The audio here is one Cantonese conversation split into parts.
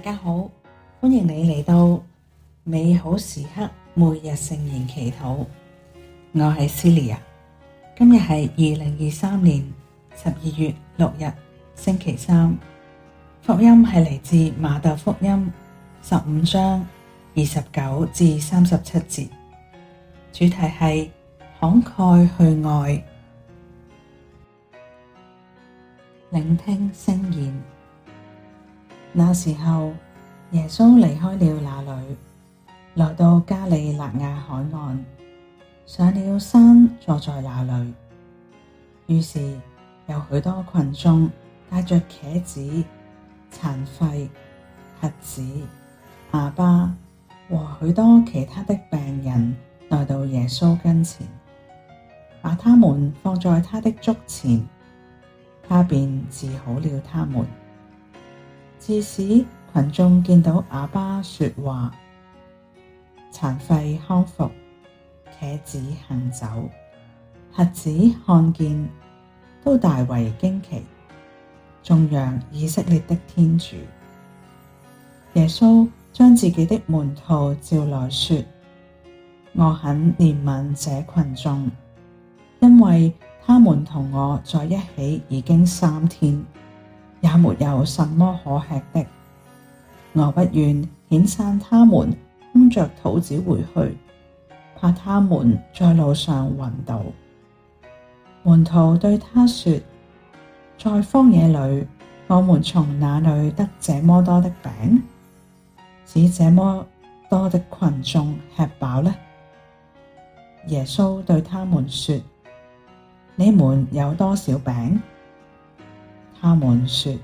大家好，歡迎你嚟到美好時刻每日聖言祈禱。我係 Celia，今日係二零二三年十二月六日星期三。福音係嚟自馬竇福音十五章二十九至三十七節，主題係慷慨去愛，聆聽聖言。那時候，耶穌離開了那裏，來到加里肋亞海岸，上了山坐在那裏。於是，有許多群眾帶着瘸子、殘廢、瞎子、啞吧和許多其他的病人來到耶穌跟前，把他們放在他的足前，他便治好了他們。致使群眾見到啞巴說話，殘廢康復，瘸子行走，瞎子看見都大為驚奇，頌揚以色列的天主。耶穌將自己的門徒召來說：我很憐憫這群眾，因為他們同我在一起已經三天。也沒有什麼可吃的，我不願遣散他們空着肚子回去，怕他們在路上暈倒。門徒對他說：在荒野裏，我們從哪裏得這麼多的餅，使這麼多的群眾吃飽呢？耶穌對他們說：你們有多少餅？他們說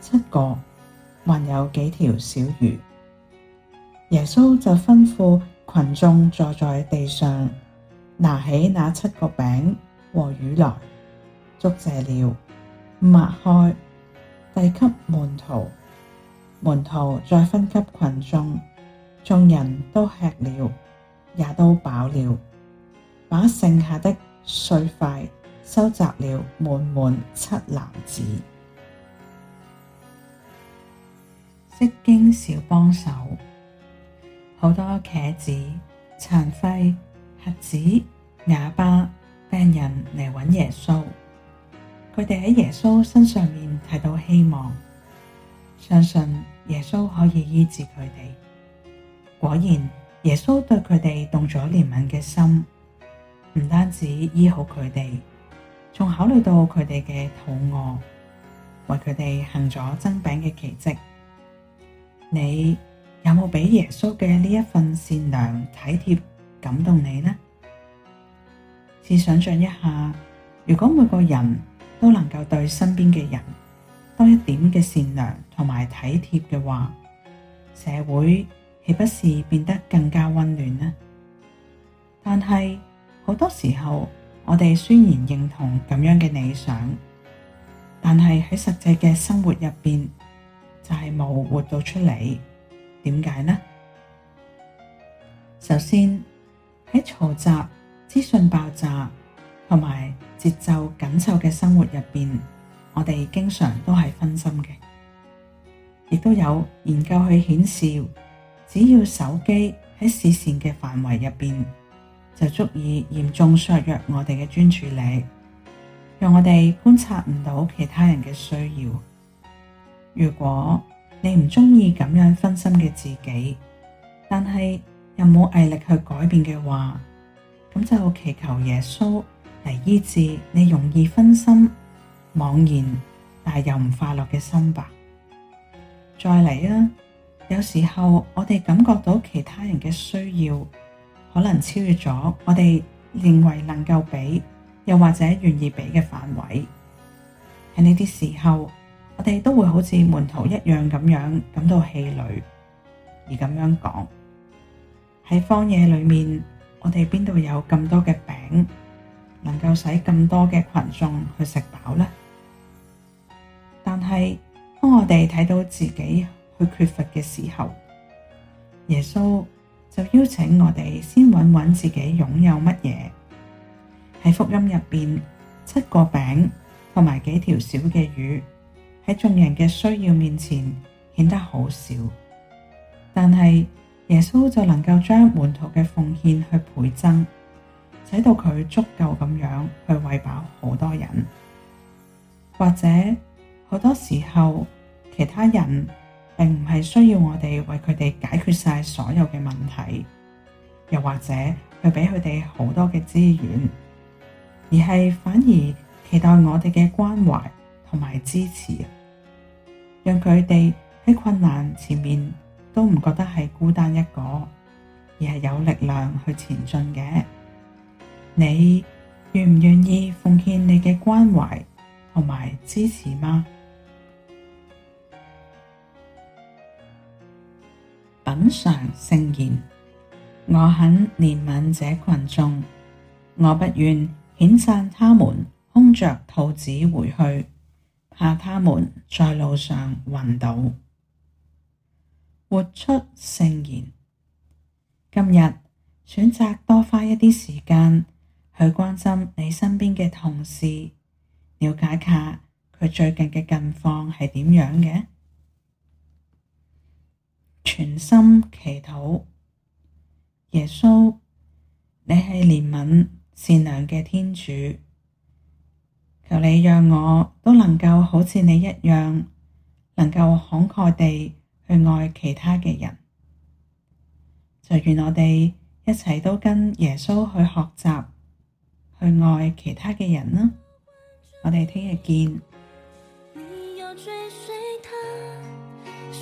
七個，還有幾條小魚。耶穌就吩咐群眾坐在地上，拿起那七個餅和魚來，祝謝了，擘開，遞給門徒，門徒再分給群眾，眾人都吃了，也都飽了，把剩下的碎塊，收集了滿滿七籃子。釋經小幫手，好多瘸子、殘廢、瞎子、啞巴病人嚟揾耶穌佢哋喺耶穌身上面睇到希望，相信耶穌可以醫治佢哋。果然，耶穌對佢哋動咗憐憫嘅心，唔單止醫好佢哋。仲考慮到佢哋嘅肚餓，為佢哋行咗增餅嘅奇蹟，你有冇俾耶穌嘅呢一份善良體貼感動你呢？試想象一下，如果每個人都能夠對身邊嘅人多一點嘅善良同埋體貼嘅話，社會豈不是變得更加溫暖呢？但係好多時候。我哋雖然認同咁樣嘅理想，但係喺實際嘅生活入邊就係、是、冇活到出嚟，點解呢？首先喺嘈雜、資訊爆炸同埋節奏緊湊嘅生活入邊，我哋經常都係分心嘅。亦都有研究去顯示，只要手機喺視線嘅範圍入邊就足以嚴重削弱我哋嘅專注力，讓我哋觀察唔到其他人嘅需要。如果你唔鍾意咁樣分心嘅自己，但係又冇毅力去改變嘅話，咁就祈求耶穌嚟醫治你容易分心、茫然但係又唔快樂嘅心吧。再嚟啊，有時候我哋感覺到其他人嘅需要。可能超越咗我哋認為能夠畀，又或者願意畀嘅範圍，喺呢啲時候，我哋都會好似門徒一樣咁樣感到氣餒，而咁樣講：喺荒野裏面，我哋邊度有咁多嘅餅，能夠使咁多嘅群眾去食飽呢？但係當我哋睇到自己去缺乏嘅時候，耶穌。就邀請我哋先搵搵自己擁有乜嘢。喺福音入面，七個餅同埋幾條小嘅魚，喺眾人嘅需要面前顯得好少，但係耶穌就能夠將門徒嘅奉獻去倍增，使到佢足夠咁樣去餵飽好多人。或者好多時候，其他人。並唔係需要我哋為佢哋解決晒所有嘅問題，又或者去俾佢哋好多嘅資源，而係反而期待我哋嘅關懷同埋支持，讓佢哋喺困難前面都唔覺得係孤單一個，而係有力量去前進嘅。你願唔願意奉獻你嘅關懷同埋支持嗎？品嘗聖言，我很憐憫這群眾，我不願遣散他們空着肚子回去，怕他們在路上暈倒。活出聖言，今日選擇多花一啲時間去關心你身邊嘅同事，了解下佢最近嘅近況係點樣嘅。全心祈禱，耶穌，你係憐憫善良嘅天主，求你讓我都能夠好似你一樣，能夠慷慨地去愛其他嘅人。就願我哋一齊都跟耶穌去學習，去愛其他嘅人啦。我哋聽日見。